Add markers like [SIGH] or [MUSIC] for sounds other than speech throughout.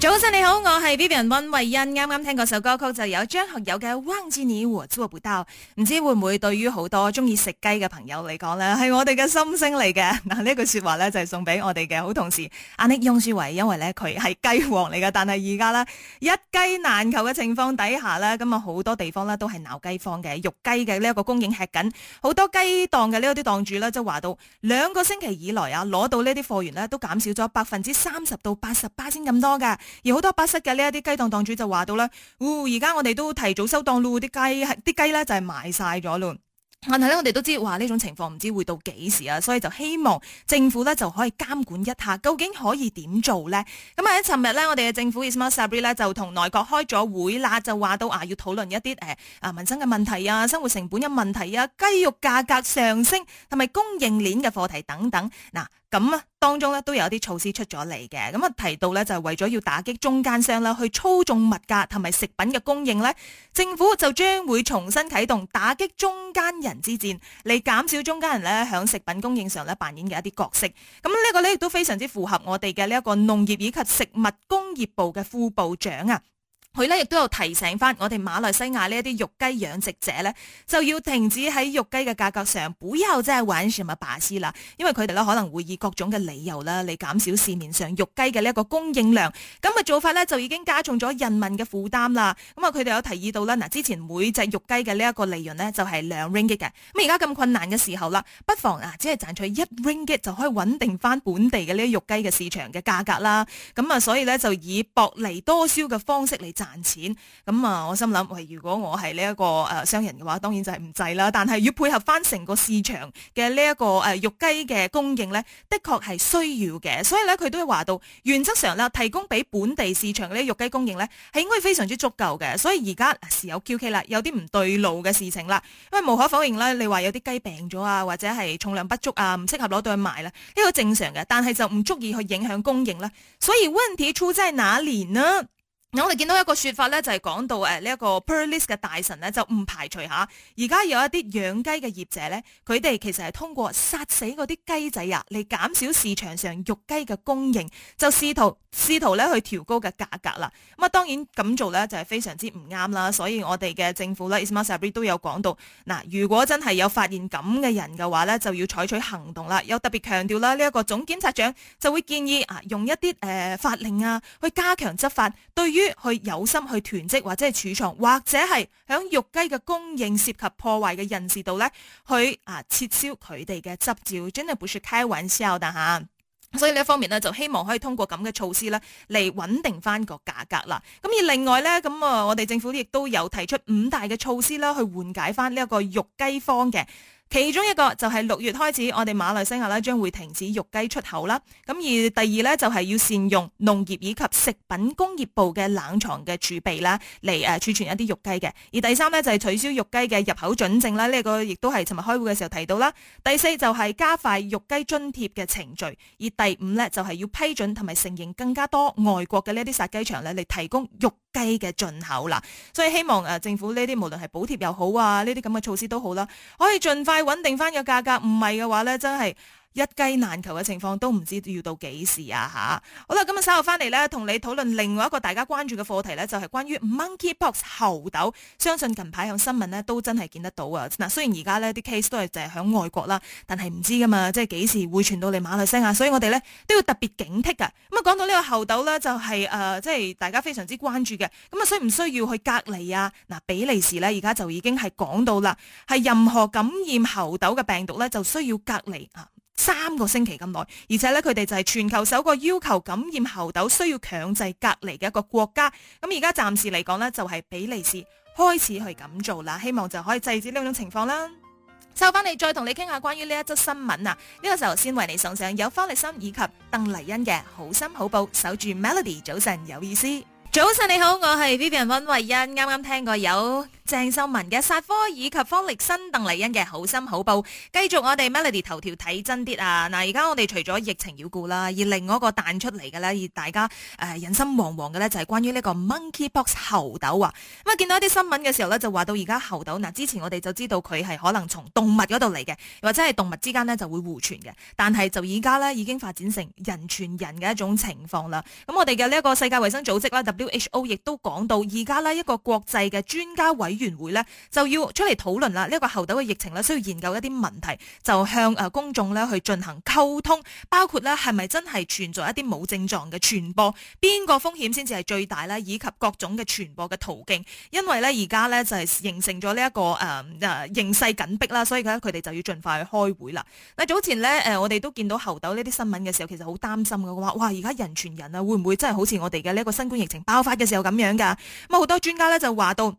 早晨你好，我係 Vivian 溫慧欣。啱啱聽嗰首歌曲就有張學友嘅《忘記你我做不到》，唔知會唔會對於好多中意食雞嘅朋友嚟講咧，係我哋嘅心聲嚟嘅。嗱，呢句說話咧就係送俾我哋嘅好同事阿 Nick 楊樹偉，因為咧佢係雞王嚟嘅，但係而家咧一雞難求嘅情況底下咧，咁啊好多地方咧都係鬧雞荒嘅，肉雞嘅呢一個供應吃緊，好多雞檔嘅呢個啲檔主咧就話到，兩個星期以來啊攞到呢啲貨源咧都減少咗百分之三十到八十八先咁多㗎。而好多巴刹嘅呢一啲雞檔檔主就話到咧，嗚而家我哋都提早收檔咯，啲雞係啲雞咧就係賣晒咗咯。但係咧，我哋都知話呢種情況唔知會到幾時啊，所以就希望政府咧就可以監管一下，究竟可以點做咧？咁喺尋日咧，我哋嘅政府 Ismail Sabri 咧就同內閣開咗會啦，就話到啊要討論一啲誒啊民生嘅問題啊，生活成本嘅問題啊，雞肉價格上升同埋供應鏈嘅課題等等嗱。咁啊，當中咧都有一啲措施出咗嚟嘅。咁啊提到咧就係為咗要打擊中間商啦，去操縱物價同埋食品嘅供應咧，政府就將會重新啟動打擊中間人之戰，嚟減少中間人咧響食品供應上咧扮演嘅一啲角色。咁、這、呢個咧亦都非常之符合我哋嘅呢一個農業以及食物工業部嘅副部長啊。佢咧亦都有提醒翻我哋馬來西亞呢一啲肉雞養殖者咧，就要停止喺肉雞嘅價格上，背後即係玩什麼把戲啦。因為佢哋咧可能會以各種嘅理由啦，嚟減少市面上肉雞嘅呢一個供應量。咁嘅做法咧就已經加重咗人民嘅負擔啦。咁啊，佢哋有提議到啦，嗱，之前每隻肉雞嘅呢一個利潤咧就係、是、兩 ringgit 嘅。咁而家咁困難嘅時候啦，不妨啊，只係賺取一 ringgit 就可以穩定翻本地嘅呢啲肉雞嘅市場嘅價格啦。咁啊，所以咧就以薄利多銷嘅方式嚟賺賺錢咁啊、嗯！我心諗，喂，如果我係呢一個誒、呃、商人嘅話，當然就係唔制啦。但係要配合翻成個市場嘅呢一個誒、呃、肉雞嘅供應咧，的確係需要嘅。所以咧，佢都話到，原則上啦，提供俾本地市場嘅肉雞供應咧，係應該非常之足夠嘅。所以而家時有 QK 啦，有啲唔對路嘅事情啦，因為無可否認啦，你話有啲雞病咗啊，或者係重量不足啊，唔適合攞到去賣啦，呢、這個正常嘅。但係就唔足以去影響供應啦。所以問題出在哪年呢？我哋見到一個說法咧，就係講到誒呢一個 Perlis 嘅大臣咧，就唔排除吓，而家有一啲養雞嘅業者咧，佢哋其實係通過殺死嗰啲雞仔啊，嚟減少市場上肉雞嘅供應，就試圖試圖咧去調高嘅價格啦。咁啊，當然咁做咧就係非常之唔啱啦。所以我哋嘅政府咧，Ismail Sabri 都有講到，嗱，如果真係有發現咁嘅人嘅話咧，就要採取行動啦。有特別強調啦，呢、這、一個總檢察長就會建議啊，用一啲誒、呃、法令啊，去加強執法，對於。於去有心去囤積或者係儲藏，或者係響肉雞嘅供應涉及破壞嘅人士度咧，去啊撤銷佢哋嘅執照，真係會說 cancel 嘅吓。所以呢一方面咧，就希望可以通過咁嘅措施咧，嚟穩定翻個價格啦。咁而另外咧，咁啊，我哋政府亦都有提出五大嘅措施啦，去緩解翻呢一個肉雞方嘅。其中一個就係六月開始，我哋馬來西亞啦將會停止肉雞出口啦。咁而第二咧就係要善用農業以及食品工業部嘅冷藏嘅儲備啦，嚟誒儲存一啲肉雞嘅。而第三咧就係取消肉雞嘅入口准證啦。呢個亦都係尋日開會嘅時候提到啦。第四就係加快肉雞津貼嘅程序。而第五咧就係要批准同埋承認更加多外國嘅呢啲殺雞場咧嚟提供肉。雞嘅進口啦，所以希望誒、啊、政府呢啲無論係補貼又好啊，呢啲咁嘅措施都好啦，可以盡快穩定翻個價格，唔係嘅話咧真係。一雞難求嘅情況都唔知要到幾時啊！吓，好啦，今日稍後翻嚟咧，同你討論另外一個大家關注嘅課題咧，就係、是、關於 Monkeypox 猴痘。相信近排有新聞咧，都真係見得到啊。嗱，雖然而家咧啲 case 都係就係響外國啦，但係唔知噶嘛，即係幾時會傳到嚟馬來西亞，所以我哋咧都要特別警惕噶。咁啊，講到呢個猴痘咧，就係、是、誒、呃，即係大家非常之關注嘅。咁啊，需唔需要去隔離啊？嗱，比利時咧而家就已經係講到啦，係任何感染猴痘嘅病毒咧就需要隔離啊。三個星期咁耐，而且咧佢哋就係全球首個要求感染猴痘需要強制隔離嘅一個國家。咁而家暫時嚟講呢就係、是、比利時開始去咁做啦，希望就可以制止呢種情況啦。收翻嚟再同你傾下關於呢一則新聞啊！呢、這個時候先為你送上有方力申以及鄧麗欣嘅好心好報，守住 Melody 早晨有意思。早晨你好，我係 Vivian 温慧欣，啱啱聽過有。鄭秀文嘅《殺科》以及方力申、鄧麗欣嘅《好心好報》，繼續我哋 Melody 頭條睇真啲啊！嗱，而家我哋除咗疫情要顧啦，而另外一個彈出嚟嘅咧，而大家誒、呃、人心惶惶嘅咧，就係、是、關於呢個 Monkeypox 猴痘啊！咁啊見到一啲新聞嘅時候咧，就話到而家猴痘。嗱，之前我哋就知道佢係可能從動物嗰度嚟嘅，或者係動物之間呢就會互傳嘅，但係就而家咧已經發展成人傳人嘅一種情況啦。咁我哋嘅呢一個世界衛生組織啦 （WHO） 亦都講到，而家呢一個國際嘅專家委員委員會咧就要出嚟討論啦，呢、這、一個猴痘嘅疫情咧需要研究一啲問題，就向誒公眾咧去進行溝通，包括咧係咪真係存在一啲冇症狀嘅傳播，邊個風險先至係最大咧？以及各種嘅傳播嘅途徑。因為咧而家咧就係形成咗呢一個誒誒、呃、形勢緊迫啦，所以咧佢哋就要盡快去開會啦。嗱，早前咧誒我哋都見到猴痘呢啲新聞嘅時候，其實好擔心嘅話，哇而家人傳人啊，會唔會真係好似我哋嘅呢一個新冠疫情爆發嘅時候咁樣噶？咁啊好多專家咧就話到。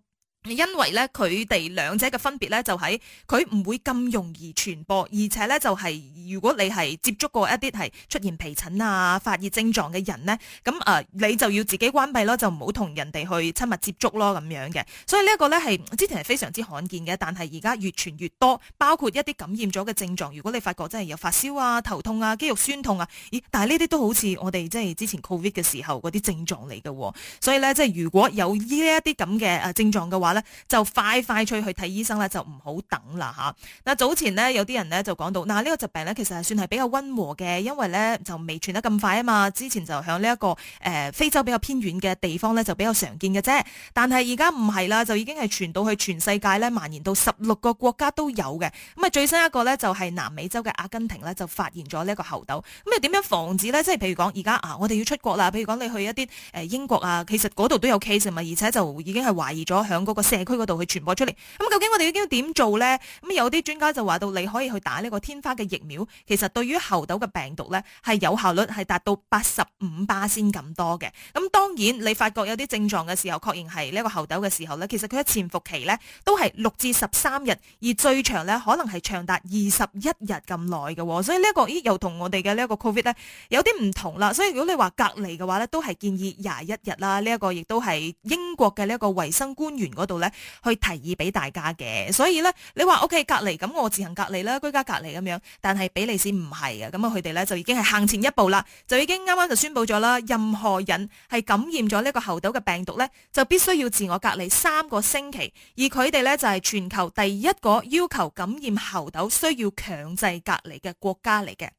因為咧，佢哋兩者嘅分別咧就喺佢唔會咁容易傳播，而且咧就係、是、如果你係接觸過一啲係出現皮疹啊、發熱症狀嘅人咧，咁誒、呃、你就要自己關閉咯，就唔好同人哋去親密接觸咯咁樣嘅。所以呢一個咧係之前係非常之罕見嘅，但係而家越傳越多，包括一啲感染咗嘅症狀。如果你發覺真係有發燒啊、頭痛啊、肌肉酸痛啊，咦？但係呢啲都好似我哋即係之前 Covid 嘅時候嗰啲症狀嚟嘅，所以咧即係如果有呢一啲咁嘅誒症狀嘅話，就快快脆去睇醫生啦，就唔好等啦嚇。嗱早前呢有啲人呢就講到嗱呢個疾病呢其實係算係比較溫和嘅，因為呢就未傳得咁快啊嘛。之前就響呢一個誒、呃、非洲比較偏遠嘅地方呢，就比較常見嘅啫，但係而家唔係啦，就已經係傳到去全世界呢，蔓延到十六個國家都有嘅。咁啊最新一個呢，就係南美洲嘅阿根廷呢，就發現咗呢一個猴痘。咁啊點樣防止呢？即係譬如講而家啊，我哋要出國啦，譬如講你去一啲誒英國啊，其實嗰度都有 case 係嘛，而且就已經係懷疑咗響嗰。社區嗰度去傳播出嚟，咁、嗯、究竟我哋應該點做咧？咁、嗯、有啲專家就話到，你可以去打呢個天花嘅疫苗，其實對於猴痘嘅病毒咧，係有效率係達到八十五巴先咁多嘅。咁、嗯、當然你發覺有啲症狀嘅時候，確認係呢個猴痘嘅時候咧，其實佢嘅潛伏期咧都係六至十三日，而最長咧可能係長達二十一日咁耐嘅。所以呢一個咦又我個同我哋嘅呢一個 Covid 咧有啲唔同啦。所以如果你說隔離的話隔離嘅話咧，都係建議廿一日啦。呢、這、一個亦都係英國嘅呢一個衛生官員咧，去提議俾大家嘅，所以咧，你話 OK 隔離咁，我自行隔離啦，居家隔離咁樣，但係比利時唔係嘅，咁啊佢哋咧就已經係向前一步啦，就已經啱啱就宣佈咗啦，任何人係感染咗呢個猴痘嘅病毒咧，就必須要自我隔離三個星期，而佢哋咧就係全球第一個要求感染猴痘需要強制隔離嘅國家嚟嘅。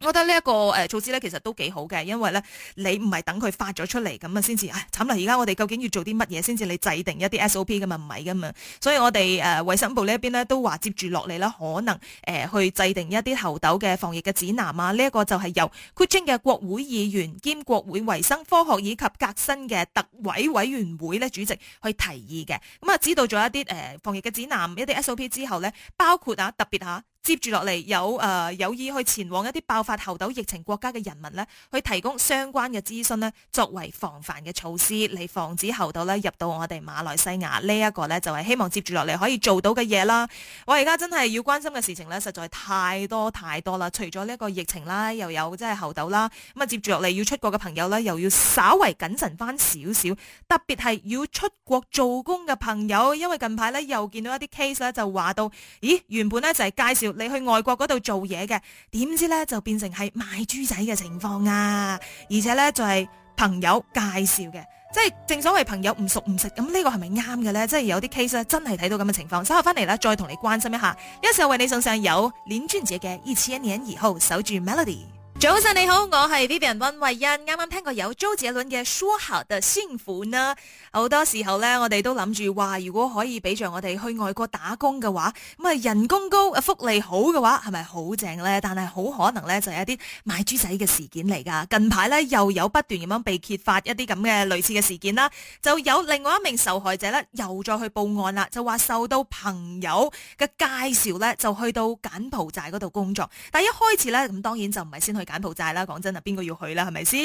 我覺得呢、這、一個誒、呃、措施咧，其實都幾好嘅，因為咧你唔係等佢發咗出嚟咁啊，先至唉，慘啦！而家我哋究竟要做啲乜嘢先至？你制定一啲 SOP 噶嘛，唔係噶嘛，所以我哋誒、呃、衛生部呢一邊咧都話接住落嚟咧，可能誒、呃、去制定一啲猴痘嘅防疫嘅指南啊，呢、這、一個就係由 Kuching 嘅國會議員兼國會衛生科學以及革新嘅特委委員會咧主席去提議嘅。咁、嗯、啊，知道咗一啲誒、呃、防疫嘅指南一啲 SOP 之後咧，包括啊特別吓。啊接住落嚟有誒、呃、有意去前往一啲爆發猴痘疫情國家嘅人民咧，去提供相關嘅資訊咧，作為防範嘅措施嚟防止猴痘咧入到我哋馬來西亞、這個、呢一個咧，就係、是、希望接住落嚟可以做到嘅嘢啦。我而家真係要關心嘅事情咧，實在太多太多啦。除咗呢一個疫情啦，又有即係猴痘啦，咁啊接住落嚟要出國嘅朋友咧，又要稍為謹慎翻少少，特別係要出國做工嘅朋友，因為近排咧又見到一啲 case 咧，就話到咦原本咧就係、是、介紹。你去外國嗰度做嘢嘅，點知咧就變成係賣豬仔嘅情況啊！而且咧就係、是、朋友介紹嘅，即係正所謂朋友唔熟唔食」。咁呢個係咪啱嘅咧？即係有啲 case 真係睇到咁嘅情況，稍後翻嚟咧再同你關心一下。有時候為你送上有鏈珠子嘅一千年以後守住 Melody。早晨你好，我係 Vivian 温慧欣。啱啱聽過有周杰倫嘅《說好的幸福》啦。好多時候咧，我哋都諗住話，如果可以俾着我哋去外國打工嘅話，咁啊人工高啊福利好嘅話，係咪好正咧？但係好可能咧就係一啲賣豬仔嘅事件嚟噶。近排咧又有不斷咁樣被揭發一啲咁嘅類似嘅事件啦，就有另外一名受害者咧又再去報案啦，就話受到朋友嘅介紹咧就去到柬埔寨嗰度工作，但一開始咧咁當然就唔係先去柬埔寨啦，講真啊，邊個要去啦？係咪先？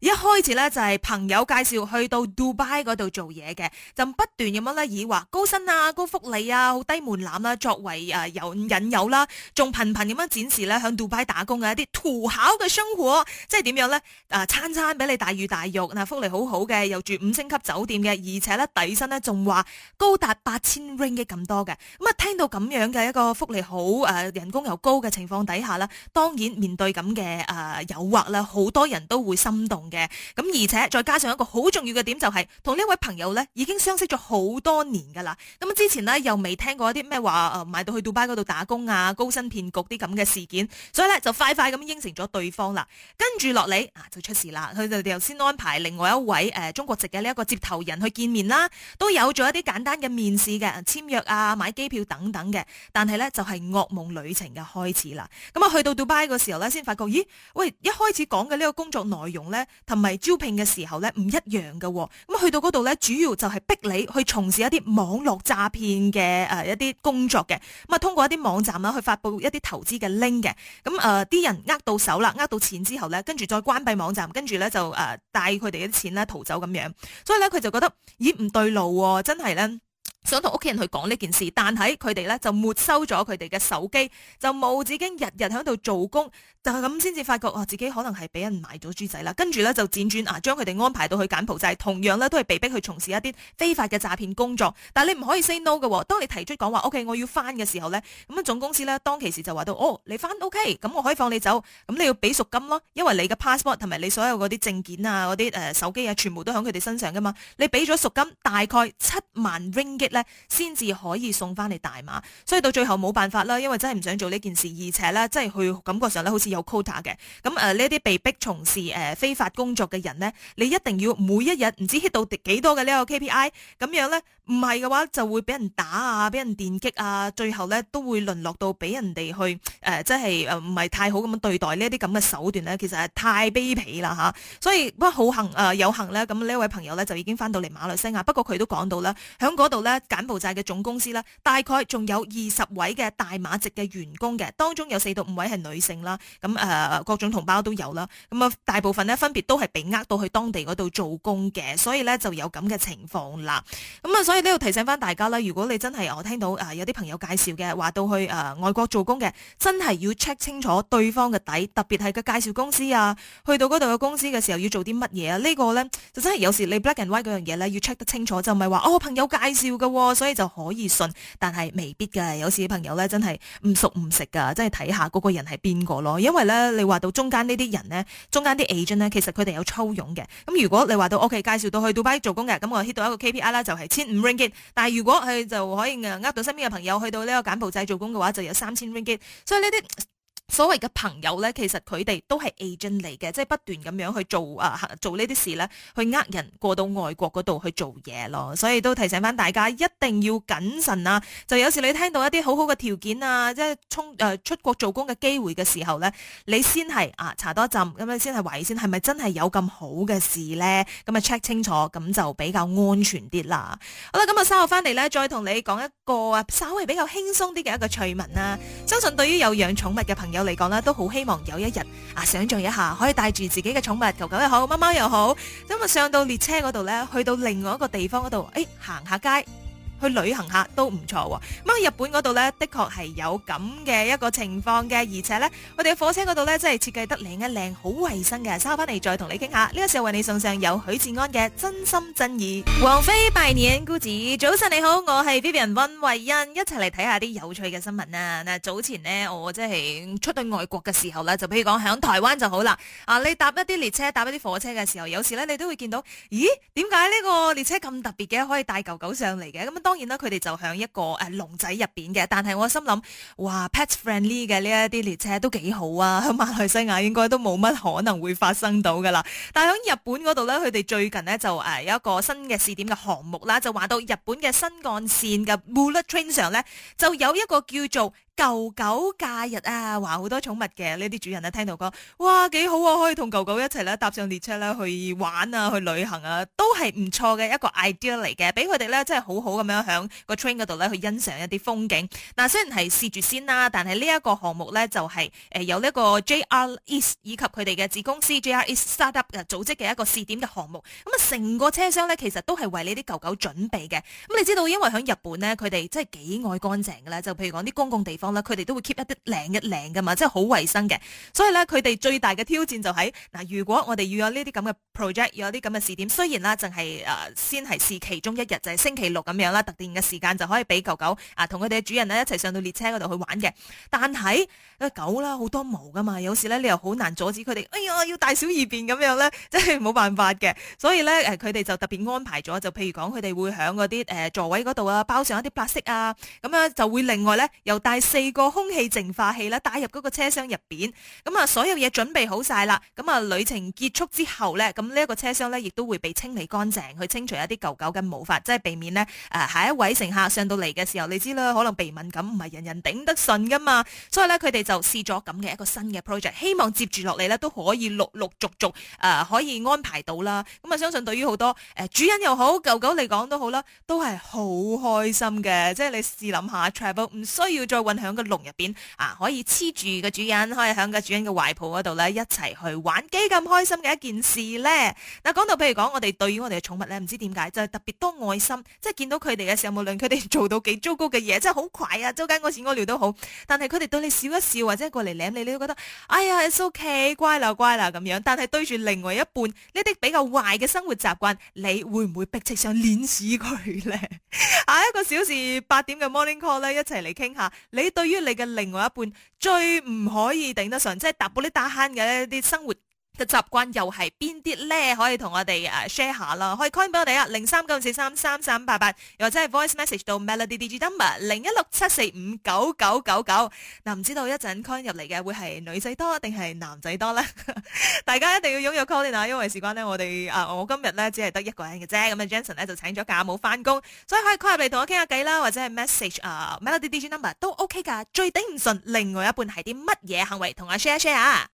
一開始咧就係、是、朋友介紹去到杜拜嗰度做嘢嘅，就不斷咁樣咧以話高薪啊、高福利啊、好低門檻啦、啊、作為誒有、呃、引誘啦、啊，仲頻頻咁樣展示咧響杜拜打工嘅一啲土豪嘅生活，即係點樣咧？誒、啊，餐餐俾你大魚大肉，嗱，福利很好好嘅，又住五星級酒店嘅，而且咧底薪咧仲話高達八千 ring 嘅咁多嘅。咁、嗯、啊，聽到咁樣嘅一個福利好誒、呃，人工又高嘅情況底下啦，當然面對咁嘅。誒，誘、呃、惑啦，好多人都會心動嘅。咁而且再加上一個好重要嘅點，就是，就係同呢位朋友呢已經相識咗好多年噶啦。咁之前呢，又未聽過一啲咩話誒，買到去杜拜嗰度打工啊，高薪騙局啲咁嘅事件，所以呢就快快咁應承咗對方啦。跟住落嚟啊，就出事啦。佢哋又先安排另外一位誒、呃、中國籍嘅呢一個接頭人去見面啦，都有咗一啲簡單嘅面試嘅簽約啊，買機票等等嘅。但係呢，就係、是、噩夢旅程嘅開始啦。咁啊，去到杜拜嘅時候呢，先發覺喂，一開始講嘅呢個工作內容，咧，同埋招聘嘅時候咧，唔一樣嘅喎，咁去到嗰度咧，主要就係逼你去從事一啲網絡詐騙嘅誒一啲工作嘅，咁啊通過一啲網站啊去發布一啲投資嘅 link 嘅，咁誒啲人呃到手啦，呃到錢之後咧，跟住再關閉網站，跟住咧就誒帶佢哋啲錢啦逃走咁樣，所以咧佢就覺得咦唔對路喎，真係咧。想同屋企人去講呢件事，但係佢哋咧就沒收咗佢哋嘅手機，就冇止境日日喺度做工，就係咁先至發覺啊、哦、自己可能係俾人賣咗豬仔啦。跟住咧就輾轉，轉啊，將佢哋安排到去柬埔寨，同樣咧都係被逼去從事一啲非法嘅詐騙工作。但係你唔可以 say no 嘅、哦，當你提出講話，OK 我要翻嘅時候咧，咁啊總公司咧當其時就話到，哦，你翻 OK，咁我可以放你走，咁你要俾贖金咯，因為你嘅 passport 同埋你所有嗰啲證件啊，嗰啲誒手機啊，全部都喺佢哋身上噶嘛，你俾咗贖金大概七萬 ringgit 咧先至可以送翻嚟大馬，所以到最後冇辦法啦，因為真係唔想做呢件事，而且咧真係去感覺上咧好似有 quota 嘅，咁誒呢啲被逼從事誒、呃、非法工作嘅人咧，你一定要每一日唔知 hit 到幾多嘅呢個 KPI，咁樣咧唔係嘅話就會俾人打啊，俾人電擊啊，最後咧都會淪落到俾人哋去誒，即係誒唔係太好咁樣對待呢一啲咁嘅手段咧，其實係太卑鄙啦吓，所以不過好幸、呃、有幸咧，咁呢位朋友咧就已經翻到嚟馬來西亞，不過佢都講到啦，喺嗰度咧。柬埔寨嘅總公司啦，大概仲有二十位嘅大馬籍嘅員工嘅，當中有四到五位係女性啦，咁誒各種同胞都有啦，咁啊大部分咧分別都係被呃到去當地度做工嘅，所以咧就有咁嘅情況啦，咁啊所以呢度提醒翻大家啦，如果你真係我聽到誒有啲朋友介紹嘅話到去誒外國做工嘅，真係要 check 清楚對方嘅底，特別係個介紹公司啊，去到嗰度嘅公司嘅時候要做啲乜嘢啊，呢個咧就真係有時你 black and white 嗰樣嘢咧要 check 得清楚，就唔係話哦朋友介紹所以就可以信，但係未必噶。有時朋友咧真係唔熟唔食噶，真係睇下個個人係邊個咯。因為咧你話到中間呢啲人咧，中間啲 agent 咧，其實佢哋有抽佣嘅。咁如果你話到，OK，介紹到去杜拜做工嘅，咁我 hit 到一個 KPI 啦，就係、是、千五 ringgit。但係如果佢就可以呃到身邊嘅朋友去到呢個柬埔寨做工嘅話，就有三千 ringgit。所以呢啲。所謂嘅朋友咧，其實佢哋都係 agent 嚟嘅，即係不斷咁樣去做啊，做呢啲事咧，去呃人過到外國嗰度去做嘢咯。所以都提醒翻大家，一定要謹慎啊！就有時你聽到一啲好好嘅條件啊，即係沖誒出國做工嘅機會嘅時候咧，你先係啊查多一陣，咁樣先係懷疑先，係咪真係有咁好嘅事咧？咁啊 check 清楚，咁就比較安全啲啦。好啦，咁啊稍後翻嚟咧，再同你講一個啊，稍微比較輕鬆啲嘅一個趣聞啦啊。相信對於有養寵物嘅朋友，嚟講啦，都好希望有一日啊，想象一下，可以帶住自己嘅寵物，狗狗又好，貓貓又好，咁啊上到列車嗰度咧，去到另外一個地方嗰度，誒行下街。去旅行下都唔錯喎，咁日本嗰度呢，的確係有咁嘅一個情況嘅，而且呢，我哋嘅火車嗰度呢，真係設計得靚一靚，好衛生嘅，稍翻嚟再同你傾下。呢、這個時候為你送上由許志安嘅真心真意，王菲拜年姑子。早晨你好，我係 Vivian 溫慧欣，一齊嚟睇下啲有趣嘅新聞啊！嗱，早前呢，我即係出到外國嘅時候呢，就譬如講喺台灣就好啦，啊你搭一啲列車搭一啲火車嘅時候，有時呢，你都會見到，咦，點解呢個列車咁特別嘅，可以帶狗狗上嚟嘅？咁當然啦，佢哋就喺一個誒、呃、籠仔入面嘅，但係我心諗，哇 pet friendly 嘅呢一啲列車都幾好啊！喺馬來西亞應該都冇乜可能會發生到噶啦。但係喺日本嗰度咧，佢哋最近咧就有、呃、一個新嘅試點嘅項目啦，就話到日本嘅新幹線嘅 bullet train 上咧，就有一個叫做。狗狗假日啊，話好多寵物嘅呢啲主人咧聽到講，哇，幾好啊，可以同狗狗一齊咧搭上列車咧去玩啊，去旅行啊，都係唔錯嘅一個 idea 嚟嘅，俾佢哋咧真係好好咁樣響個 train 嗰度咧去欣賞一啲風景。嗱，雖然係試住先啦，但係呢一個項目咧就係誒有呢個 JR East 以及佢哋嘅子公司 JR East Startup 嘅組織嘅一個試點嘅項目。咁啊，成個車廂咧其實都係為呢啲狗狗準備嘅。咁你知道因為響日本咧，佢哋真係幾愛乾淨嘅啦，就譬如講啲公共地方。佢哋都會 keep 一啲靚一靚噶嘛，即係好衛生嘅。所以咧，佢哋最大嘅挑戰就喺、是、嗱，如果我哋要有呢啲咁嘅 project，要有啲咁嘅試點，雖然啦、就是，淨係誒先係試其中一日，就係、是、星期六咁樣啦，特定嘅時間就可以俾狗狗啊，同佢哋嘅主人咧一齊上到列車嗰度去玩嘅。但係，狗啦，好多毛噶嘛，有時咧你又好難阻止佢哋，哎呀，要大小二便咁樣咧，即係冇辦法嘅。所以咧，誒佢哋就特別安排咗，就譬如講，佢哋會響嗰啲誒座位嗰度啊，包上一啲白色啊，咁啊就會另外咧又帶四四個空氣淨化器咧，帶入嗰個車廂入邊，咁啊，所有嘢準備好晒啦，咁啊，旅程結束之後咧，咁呢一個車廂咧，亦都會被清理乾淨，去清除一啲狗狗嘅毛髮，即係避免咧，誒，下一位乘客上到嚟嘅時候，你知啦，可能鼻敏感，唔係人人頂得順噶嘛，所以咧，佢哋就試咗咁嘅一個新嘅 project，希望接住落嚟咧都可以陸陸續續誒、呃，可以安排到啦，咁啊，相信對於好多誒主人又好，狗狗嚟講都好啦，都係好開心嘅，即係你試諗下，travel 唔需要再運行。響個籠入邊啊，可以黐住個主人，可以響個主人嘅懷抱嗰度咧，一齊去玩幾咁開心嘅一件事咧。嗱、啊，講到譬如講，我哋對於我哋嘅寵物咧，唔知點解就係、是、特別多愛心，即係見到佢哋嘅時候，無論佢哋做到幾糟糕嘅嘢，即係好快啊，周街屙屎屙尿都好，但係佢哋對你笑一笑或者過嚟舐你，你都覺得哎呀 it's ok，乖啦乖啦咁樣。但係對住另外一半呢啲比較壞嘅生活習慣，你會唔會逼車想碾死佢咧？下一個小時八點嘅 morning call 咧，一齊嚟傾下你。對於你嘅另外一半，最唔可以頂得順，即係踏步啲打慳嘅一啲生活嘅習慣又係邊啲咧？可以同我哋啊 share 下咯，可以 call 俾我哋啊零三九四三三三八八又或者係 voice message 到 melody D i G number 零一六七四五九九九九。嗱，唔知道一陣 call 入嚟嘅會係女仔多定係男仔多咧？ [LAUGHS] 大家一定要擁有 call 啊，因為事關咧我哋啊，我今日咧只係得一個人嘅啫。咁啊，Jason 咧就請咗假冇翻工，所以可以 call 入嚟同我傾下偈啦，或者係 message 啊、uh, melody D i G number 都 OK 噶。最頂唔順，另外一半係啲乜嘢行為同我 share share 啊？